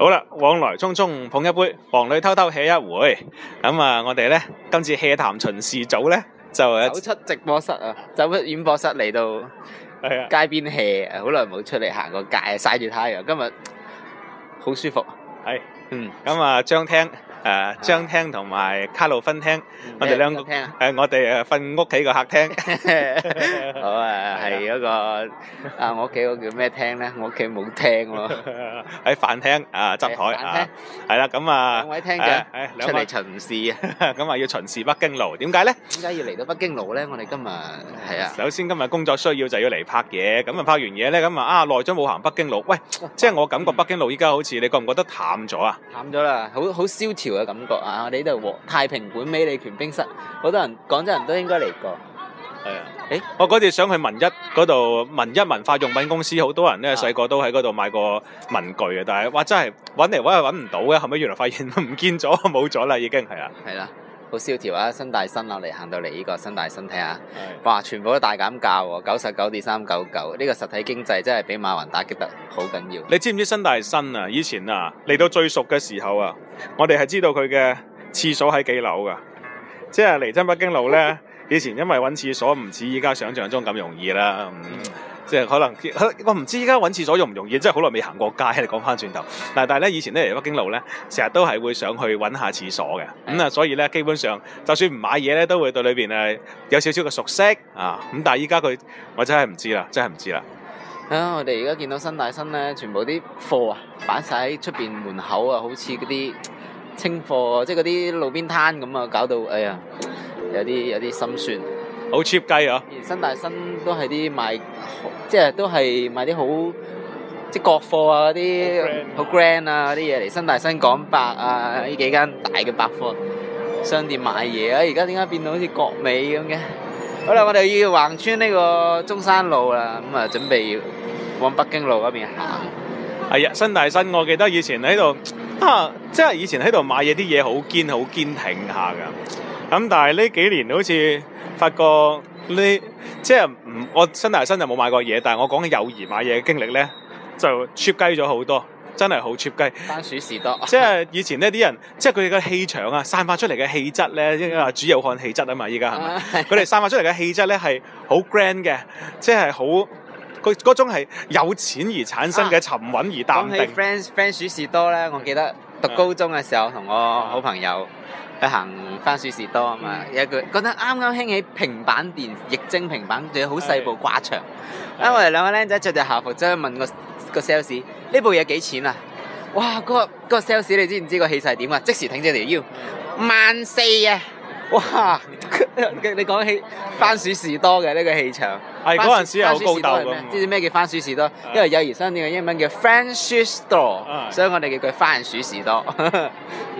好啦，往來匆匆捧一杯，房裏偷偷 hea 一回。咁啊，我哋咧今次 hea 談巡視組咧就走出直播室啊，走出演播室嚟到街邊 hea，好耐冇出嚟行過街，曬住太陽，今日好舒服。係的，嗯，咁啊，張廳。誒張廳同埋卡路分廳，我哋兩個誒，我哋誒瞓屋企個客廳。好啊，係嗰個啊，我屋企嗰叫咩廳咧？我屋企冇廳喎，喺飯廳啊，執台啊，係啦，咁啊，兩位廳嘅，出嚟巡視啊，咁啊要巡視北京路，點解咧？點解要嚟到北京路咧？我哋今日係啊，首先今日工作需要就要嚟拍嘢，咁啊拍完嘢咧，咁啊啊耐咗冇行北京路，喂，即係我感覺北京路依家好似你覺唔覺得淡咗啊？淡咗啦，好好蕭條。嘅感覺啊！我哋呢度太平館美利權冰室，好多人廣州人都應該嚟過。係啊！誒，我嗰次想去文一嗰度，文一文化用品公司，好多人咧細個都喺嗰度買過文具嘅，但係哇真係揾嚟揾去揾唔到嘅，後尾原來發現唔見咗，冇咗啦已經。係啊！係啦。好蕭條啊！新大新啊，嚟行到嚟呢個新大新睇下，是的 哇！全部都大減價喎，九十九點三九九。呢個實體經濟真係俾馬雲打擊得好緊要。你知唔知新大新啊？以前啊，嚟到最熟嘅時候啊，我哋係知道佢嘅廁所喺幾樓㗎？即係嚟真北京路呢，以前因為揾廁所唔似依家想像中咁容易啦。嗯即係可能，我唔知依家揾廁所容唔容易，真係好耐未行過街。你講翻轉頭，嗱，但係咧以前咧嚟北京路咧，成日都係會上去揾下廁所嘅。咁啊是的、嗯，所以咧基本上，就算唔買嘢咧，都會對裏邊誒有少少嘅熟悉啊。咁但係依家佢，我真係唔知啦，真係唔知啦。啊，我哋而家見到新大新咧，全部啲貨啊擺晒喺出邊門口啊，好似嗰啲清貨，即係嗰啲路邊攤咁啊，搞到哎呀，有啲有啲心酸。好 cheap 雞啊！新大新都係啲賣。即係都係買啲好即係國貨啊啲好 grand 啊啲嘢嚟新大新廣百啊呢幾間大嘅百貨商店買嘢啊而家點解變到好似國美咁嘅？好啦，我哋要橫穿呢個中山路啦，咁啊準備往北京路嗰邊行。係啊，新大新我記得以前喺度啊，即係以前喺度買嘢啲嘢好堅好堅挺下噶，咁但係呢幾年好似發覺。你即係唔我新大新就冇買過嘢，但係我講起嘅友誼買嘢嘅經歷咧，就 cheap 雞咗好多，真係好 cheap 雞。番薯士多即係以前呢啲人即係佢哋嘅氣場啊，散發出嚟嘅氣質咧，應該話主要看氣質啊嘛，依家係咪？佢哋散發出嚟嘅氣質咧係好 grand 嘅，即係好佢嗰種係有錢而產生嘅沉穩而淡定。講、啊、起 friend 番薯士多咧，我記得。讀高中嘅時候，同我好朋友去行番薯士多啊、嗯、嘛，有一個嗰陣啱啱興起平板電液晶平板，仲有好細部掛牆。因為、啊、我哋兩個僆仔着着校服，走去問個個 sales：呢部嘢幾錢啊？哇！嗰、嗰個嗰、嗰個 sales 你知唔知個氣勢點啊？即時挺起條腰，嗯、萬四啊！哇！你講起番薯士多嘅呢、這個氣場，係嗰陣時係好高大，知唔知咩叫番薯士多？哎、因為友誼商店嘅英文叫 Friendship Store，哎、所以我哋叫佢番薯士多。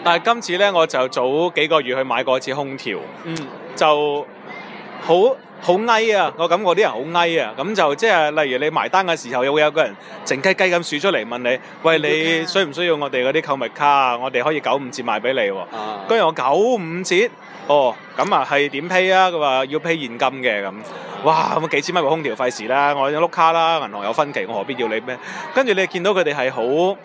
但係今次咧，我就早幾個月去買過一次空調，嗯、就好。好矮啊！我感覺啲人好矮啊！咁就即係例如你埋單嘅時候，又會有個人靜雞雞咁數出嚟問你：喂，你需唔需要我哋嗰啲購物卡啊？我哋可以九五折賣俾你喎。跟住我九五折，哦，咁啊係點批啊？佢話要批現金嘅咁。哇！咁幾千蚊個空調費事啦，我有碌卡啦，銀行有分期，我何必要你咩？跟住你見到佢哋係好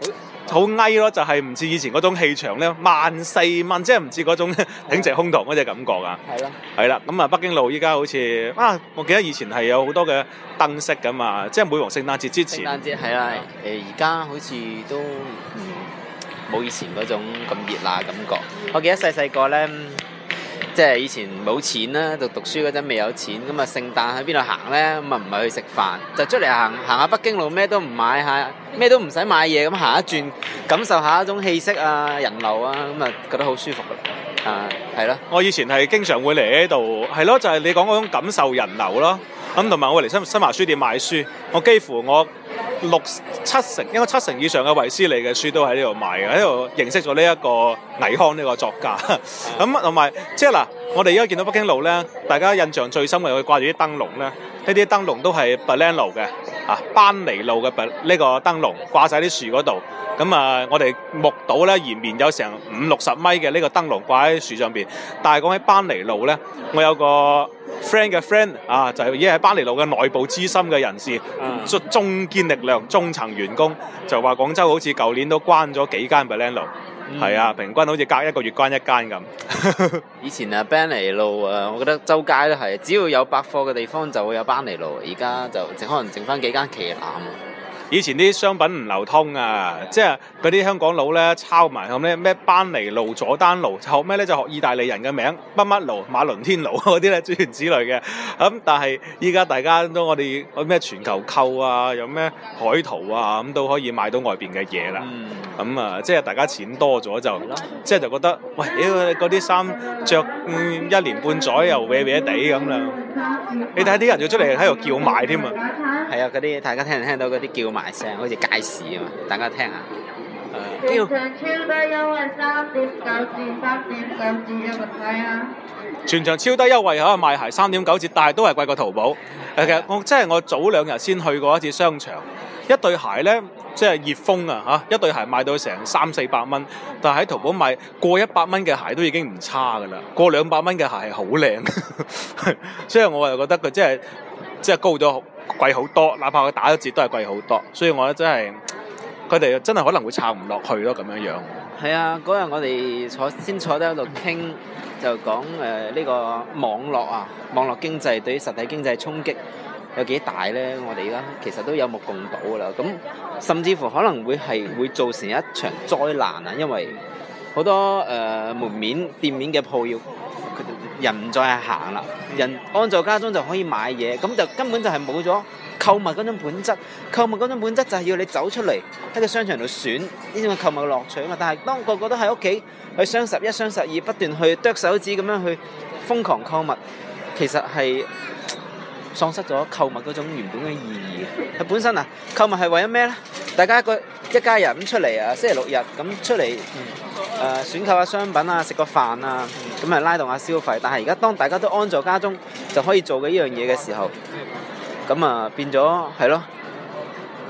好矮咯，就係唔似以前嗰種氣場咧，萬四萬即係唔似嗰種挺直胸膛嗰隻感覺啊！係咯了，係啦，咁啊，北京路依家好似啊，我記得以前係有好多嘅燈飾㗎嘛，即係每逢聖誕節之前。聖誕節係啊，誒而家好似都唔冇、嗯、以前嗰種咁熱鬧嘅感覺。我記得細細個咧。即係以前冇錢啦，讀讀書嗰陣未有錢，咁啊聖誕喺邊度行呢？咁啊唔係去食飯，就出嚟行行下北京路，咩都唔買下，咩都唔使買嘢，咁行一轉，感受下一種氣息啊人流啊，咁啊覺得好舒服嘅，啊係咯。我以前係經常會嚟呢度，係咯，就係、是、你講嗰種感受人流咯。同埋、嗯、我會嚟新新華書店買書，我幾乎我六七成，應該七成以上嘅衛斯理嘅書都喺呢度買嘅，喺呢度認識咗呢一個倪匡呢個作家。咁同埋即係嗱。我哋而家見到北京路咧，大家印象最深嘅佢掛住啲燈籠咧，燈籠呢啲燈籠都係 Baleno 嘅，啊，班尼路嘅呢個燈籠掛晒啲樹嗰度。咁啊，我哋目睹咧延綿有成五六十米嘅呢個燈籠掛喺樹上邊。但係講起班尼路咧，我有個 friend 嘅 friend 啊，就係已經係班尼路嘅內部資深嘅人士，中中堅力量、中層員工，就話廣州好似舊年都關咗幾間 Baleno。係啊、嗯，平均好似隔一個月關一間咁。以前啊，班尼路啊，A、Lo，我覺得周街都係，只要有百貨嘅地方就會有班尼路。而家就淨可能淨返幾間旗艦。以前啲商品唔流通啊，即係嗰啲香港佬咧抄埋，後尾咩班尼路、佐丹奴，後尾咧就學意大利人嘅名乜乜奴、馬倫天奴嗰啲咧諸如此類嘅。咁但係依家大家都我哋咩全球購啊，有咩海淘啊，咁都可以買到外邊嘅嘢啦。咁啊、嗯嗯，即係大家錢多咗就即係就，就覺得喂，妖嗰啲衫著一年半載又歪歪地咁啦。你睇下啲人要出嚟喺度叫賣添啊！係啊，嗰啲大家聽唔聽到嗰啲叫賣聲，好似街市啊嘛！大家聽下。Uh, 全場超低優惠三點九折，三點九折，你個仔啊！全場超低優惠啊，賣鞋三點九折，但係都係貴過淘寶。誒嘅，我即係、就是、我早兩日先去過一次商場。一對鞋呢，即係熱風啊嚇！一對鞋賣到成三四百蚊，但係喺淘寶賣過一百蚊嘅鞋都已經唔差噶啦，過兩百蚊嘅鞋係好靚。 所以我又覺得佢真係即係高咗貴好多，哪怕佢打咗折都係貴好多。所以我覺得、就是、真係佢哋真係可能會撐唔落去咯咁樣樣。係啊，嗰日我哋坐先坐低喺度傾，就講誒呢個網絡啊，網絡經濟對於實體經濟衝擊有幾大呢？我哋而家其實都有目共睹噶啦，咁甚至乎可能會係會造成一場災難啊！因為好多誒門面店面嘅鋪要人唔再行啦，人安在家中就可以買嘢，咁就根本就係冇咗購物嗰種本質。購物嗰種本質就係要你走出嚟喺個商場度選呢種購物嘅樂趣啊嘛！但係當個個都喺屋企，去雙十一、雙十二不斷去剁手指咁樣去瘋狂購物，其實係。喪失咗購物嗰種原本嘅意義。佢本身啊，購物係為咗咩呢？大家一個一家人咁出嚟啊，星期六日咁出嚟誒、嗯呃、選購下商品啊，食個飯啊，咁、嗯、啊拉動下消費。但係而家當大家都安在家中就可以做嘅呢樣嘢嘅時候，咁啊變咗係咯。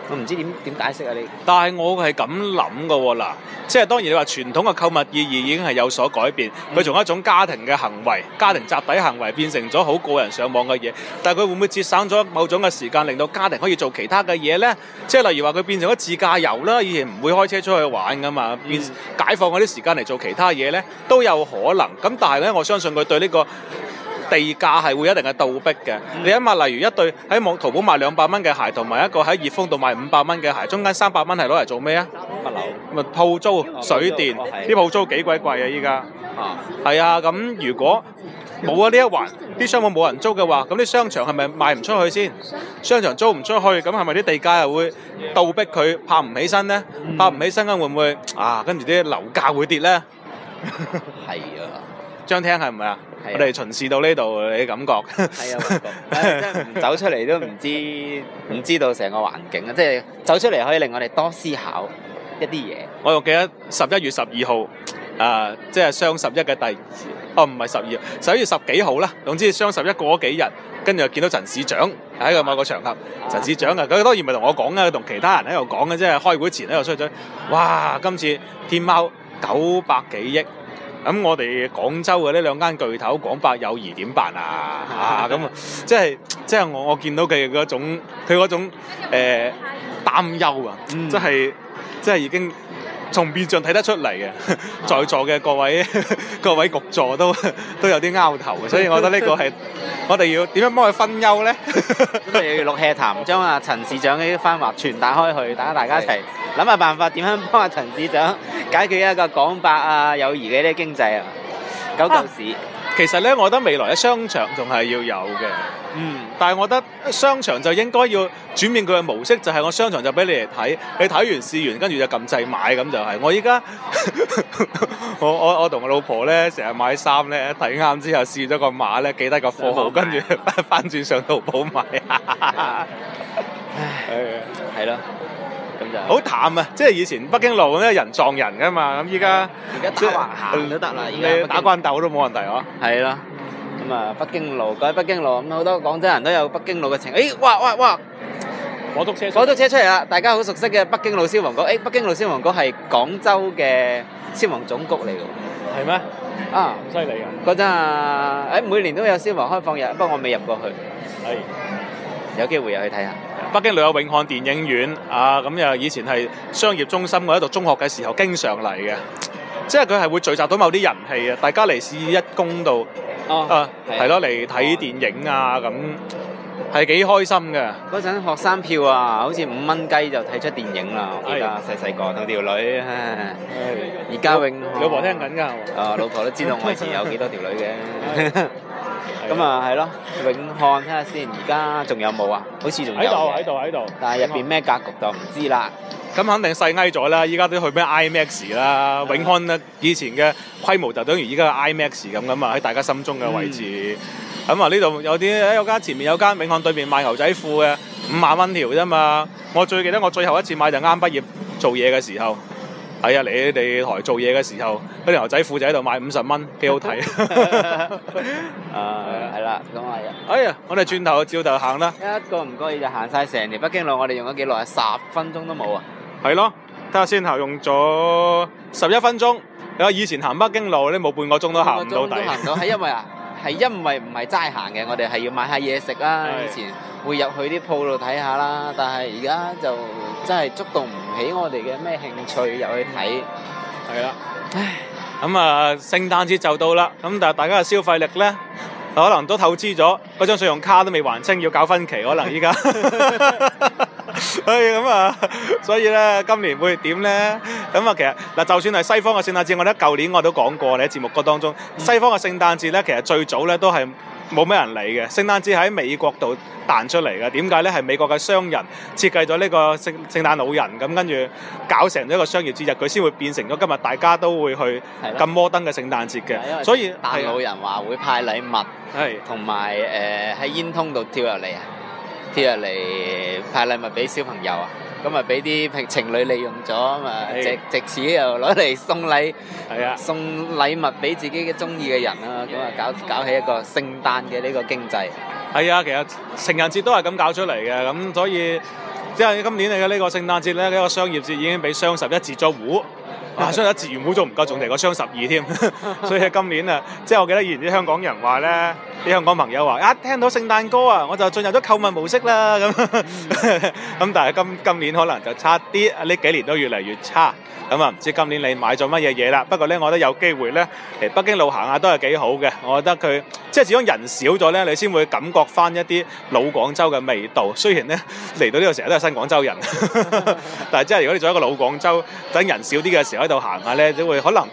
我唔知點點解釋啊！你，但係我係咁諗噶嗱，即係當然你話傳統嘅購物意義已經係有所改變，佢從、嗯、一種家庭嘅行為、家庭集體行為變成咗好個人上網嘅嘢。但係佢會唔會節省咗某種嘅時間，令到家庭可以做其他嘅嘢呢？即係例如話佢變成咗自駕遊啦，以前唔會開車出去玩噶嘛，嗯、變解放嗰啲時間嚟做其他嘢呢，都有可能。咁但係呢，我相信佢對呢、呢個。地價係會一定係倒逼嘅。你諗下，例如一對喺網淘寶賣兩百蚊嘅鞋，同埋一個喺熱風度賣五百蚊嘅鞋，中間三百蚊係攞嚟做咩啊？物流。咪鋪租、哦、水電，啲鋪、哦、租幾鬼貴啊！依家。啊。係啊，咁如果冇啊呢一環，啲商鋪冇人租嘅話，咁啲商場係咪賣唔出去先？商場租唔出去，咁係咪啲地價又會倒逼佢拍唔起身呢？拍唔、嗯、起身嘅會唔會啊？跟住啲樓價會跌呢？係啊，張廳係唔係啊？啊、我哋巡視到呢度，你感覺？係啊，唔、哎、走出嚟都唔知唔知道成 個環境啊！即、就、係、是、走出嚟可以令我哋多思考一啲嘢。我仲記得十一月十二號，誒、呃，即、就、係、是、雙十一嘅第哦，唔係十二，十一月十幾號啦。總之雙十一過咗幾日，跟住又見到陳市長喺個某個場合。啊、陳市長啊，佢當然唔係同我講啦，同其他人喺度講嘅，即係開會前喺度吹水：「哇！今次天貓九百幾億。咁我哋廣州嘅呢兩間巨頭廣百友誼點辦啊？ 啊咁，即係即係我我見到佢嗰種佢嗰種誒、呃、擔憂啊，即係即係已經。從面相睇得出嚟嘅，啊、 在座嘅各位 各位局座都 都有啲拗頭嘅，所以我覺得呢個係 我哋要點樣幫佢分憂咧？不 要六氣談將啊，陳市長嘅番話傳達開去，等大家一齊諗下辦法，點樣幫阿陳市長解決一個廣百啊、友誼嘅啲經濟啊救救市。啊。其實咧，我覺得未來嘅商場仲係要有嘅。嗯，但係我覺得商場就應該要轉變佢嘅模式，就係、是、我商場就俾你嚟睇，你睇完試完，跟住就撳掣買咁就係、是。我依家 我我我同我老婆咧，成日買衫咧，睇啱之後試咗個碼咧，記得個貨號，跟住翻轉上淘寶買。哈哈唉，係咯唉。好淡啊！即係以前北京路咧，人撞人噶嘛，咁依家打橫行都得啦，依家打關鬥都冇問題嗬、啊。係啦，咁啊北京路，喺北京路咁，好多廣州人都有北京路嘅情。誒、哎，哇哇哇！哇，火燭車，火燭車出嚟啦！大家好熟悉嘅北京路消防局。誒、哎，北京路消防局係廣州嘅消防總局嚟㗎。係咩？啊，咁犀利㗎！嗰陣啊，誒、哎、每年都有消防開放日，不過我未入過去。係，有機會入去睇下。北京路有永漢電影院啊，咁又以前係商業中心，我喺讀中學嘅時候經常嚟嘅，即係佢係會聚集到某啲人氣嘅。大家嚟市一宮度、哦啊嗯，啊，係咯嚟睇電影啊，咁係幾開心嘅。嗰陣學生票啊，好似五蚊雞就睇出電影啦。我記得、哎、細細個，有條女，而家永漢，哎、永老婆聽緊㗎。啊，老婆都知道我以前有幾多條女嘅。 哎哎咁啊，係咯，永漢睇下先，而家仲有冇啊？好似仲喺度喺度喺度，但係入邊咩格局就唔知啦。咁肯定細矮咗啦。依家都去咩 IMAX 啦，永漢咧以前嘅規模就等於依家嘅 IMAX 咁咁啊。喺大家心中嘅位置，咁啊呢度有啲有間前面有間永漢對面賣牛仔褲嘅五百蚊條啫嘛。我最記得我最後一次買就啱畢業做嘢嘅時候。睇下你哋台做嘢嘅時候，嗰條牛仔褲就喺度買五十蚊，幾好睇啊！啊、 uh,，係、嗯、啦，咁啊，哎呀，我哋轉頭照頭行啦。一個唔高意就行晒成條北京路，我哋用咗幾耐，十分鐘都冇啊！係咯，睇下先頭用咗十一分鐘。你話以前行北京路咧，冇半個鐘都行唔到底。係因為啊，係因為唔係齋行嘅，我哋係要買下嘢食啦。了以前。會入去啲鋪度睇下啦，但係而家就真係觸動唔起我哋嘅咩興趣入去睇。係啦，唉，咁啊聖誕節就到啦，咁但係大家嘅消費力呢，可能都透支咗，嗰張信用卡都未還清，要搞分期，可能依家。所以咁啊，所以呢今年會點呢？咁啊，其實嗱，就算係西方嘅聖誕節，我覺得舊年我都講過，你喺節目歌當中，西方嘅聖誕節呢，其實最早呢都係。冇咩人理嘅，聖誕節喺美國度彈出嚟嘅，點解呢？係美國嘅商人設計咗呢個聖聖誕老人，咁跟住搞成咗一個商業節日，佢先會變成咗今日大家都會去撳摩登嘅聖誕節嘅。所以，聖誕老人話會派禮物，係同埋誒喺煙通度跳入嚟啊，跳入嚟派禮物俾小朋友啊！咁咪俾啲情情侶利用咗啊嘛，直直至又攞嚟送禮，的送禮物俾自己嘅中意嘅人啊，咁啊的搞搞起一個聖誕嘅呢個經濟。係啊，其實情人節都係咁搞出嚟嘅，咁所以即係、就是、今年嚟嘅呢個聖誕節咧，呢、這個商業節已經俾雙十一截咗喎，哇、啊！雙十一截完喎仲唔夠，仲嚟個雙十二添， 所以今年啊，即、就、係、是、我記得以前啲香港人話咧。啲香港朋友話：一聽到聖誕歌啊，我就進入咗購物模式啦。咁咁，嗯、 但係今今年可能就差啲，呢幾年都越嚟越差。咁啊，唔知今年你買咗乜嘢嘢啦？不過呢，我覺得有機會呢，嚟北京路行下都係幾好嘅。我覺得佢即係始終人少咗呢，你先會感覺翻一啲老廣州嘅味道。雖然呢，嚟到呢個時候都係新廣州人， 但係真係如果你做一個老廣州，等人少啲嘅時候喺度行下呢，都會可能。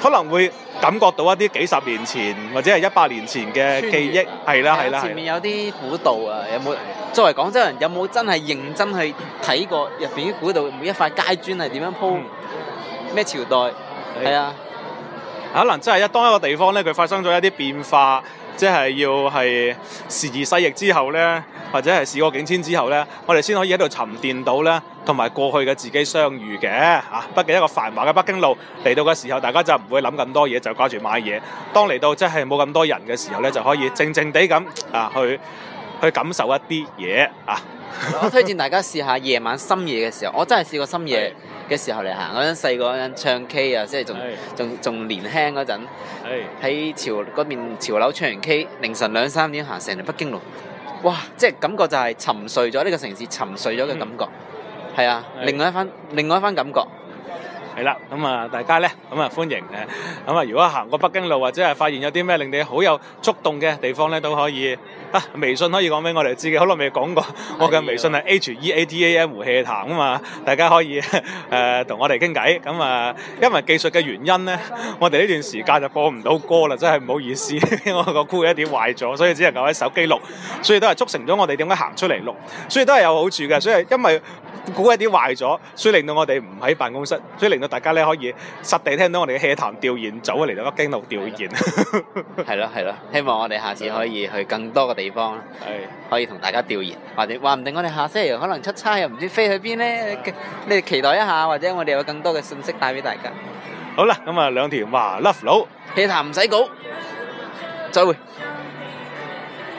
可能會感覺到一啲幾十年前或者係一百年前嘅記憶，係啦係啦。前面有啲古道啊，有冇作為廣州人有冇真係認真去睇過入邊啲古道每一塊街磚係點樣鋪？咩、嗯、朝代？係啊，係啊，係啊，可能真係一當一個地方咧，佢發生咗一啲變化，即係要係時移世易之後咧，或者係事過境遷之後咧，我哋先可以喺度沉澱到咧。同埋過去嘅自己相遇嘅嚇、啊，畢竟一個繁華嘅北京路嚟到嘅時候，大家就唔會諗咁多嘢，就掛住買嘢。當嚟到即係冇咁多人嘅時候呢就可以靜靜地咁啊，去去感受一啲嘢啊！ 我推薦大家試下夜晚深夜嘅時候，我真係試過深夜嘅時候嚟行。我喺細個嗰陣唱 K 啊，即係仲仲仲年輕嗰陣，喺潮嗰邊潮流唱完 K，凌晨兩三點行成條北京路，哇！即係感覺就係沉睡咗呢、呢個城市沉睡咗嘅感覺。嗯。係啊，另外一番，另外一番感覺。係啦，咁啊，大家咧，咁啊，歡迎嘅。咁啊，如果行過北京路或者係發現有啲咩令你好有觸動嘅地方咧，都可以啊，微信可以講俾我哋知嘅。好耐未講過，我嘅微信係 H E A T A M 氣談啊嘛，大家可以誒同我哋傾偈。咁啊，因為技術嘅原因咧，我哋呢段時間就播唔到歌啦，真係唔好意思，我個酷一碟壞咗，所以只能夠喺手機錄。所以都係促成咗我哋點解行出嚟錄，所以都係有好處嘅。所以因為酷一碟壞咗，所以令到我哋唔喺辦公室，所以令到。大家咧，可以實地聽到我哋嘅戲壇調研組啊嚟到北京路調研，係咯係咯，希望我哋下次可以去更多嘅地方，係可以同大家調研，或者話唔定我哋下星期可能出差又唔知飛去邊咧，你哋期待一下，或者我哋有更多嘅信息帶俾大家。好啦，咁啊兩條麻甩佬戲壇唔使講，再會。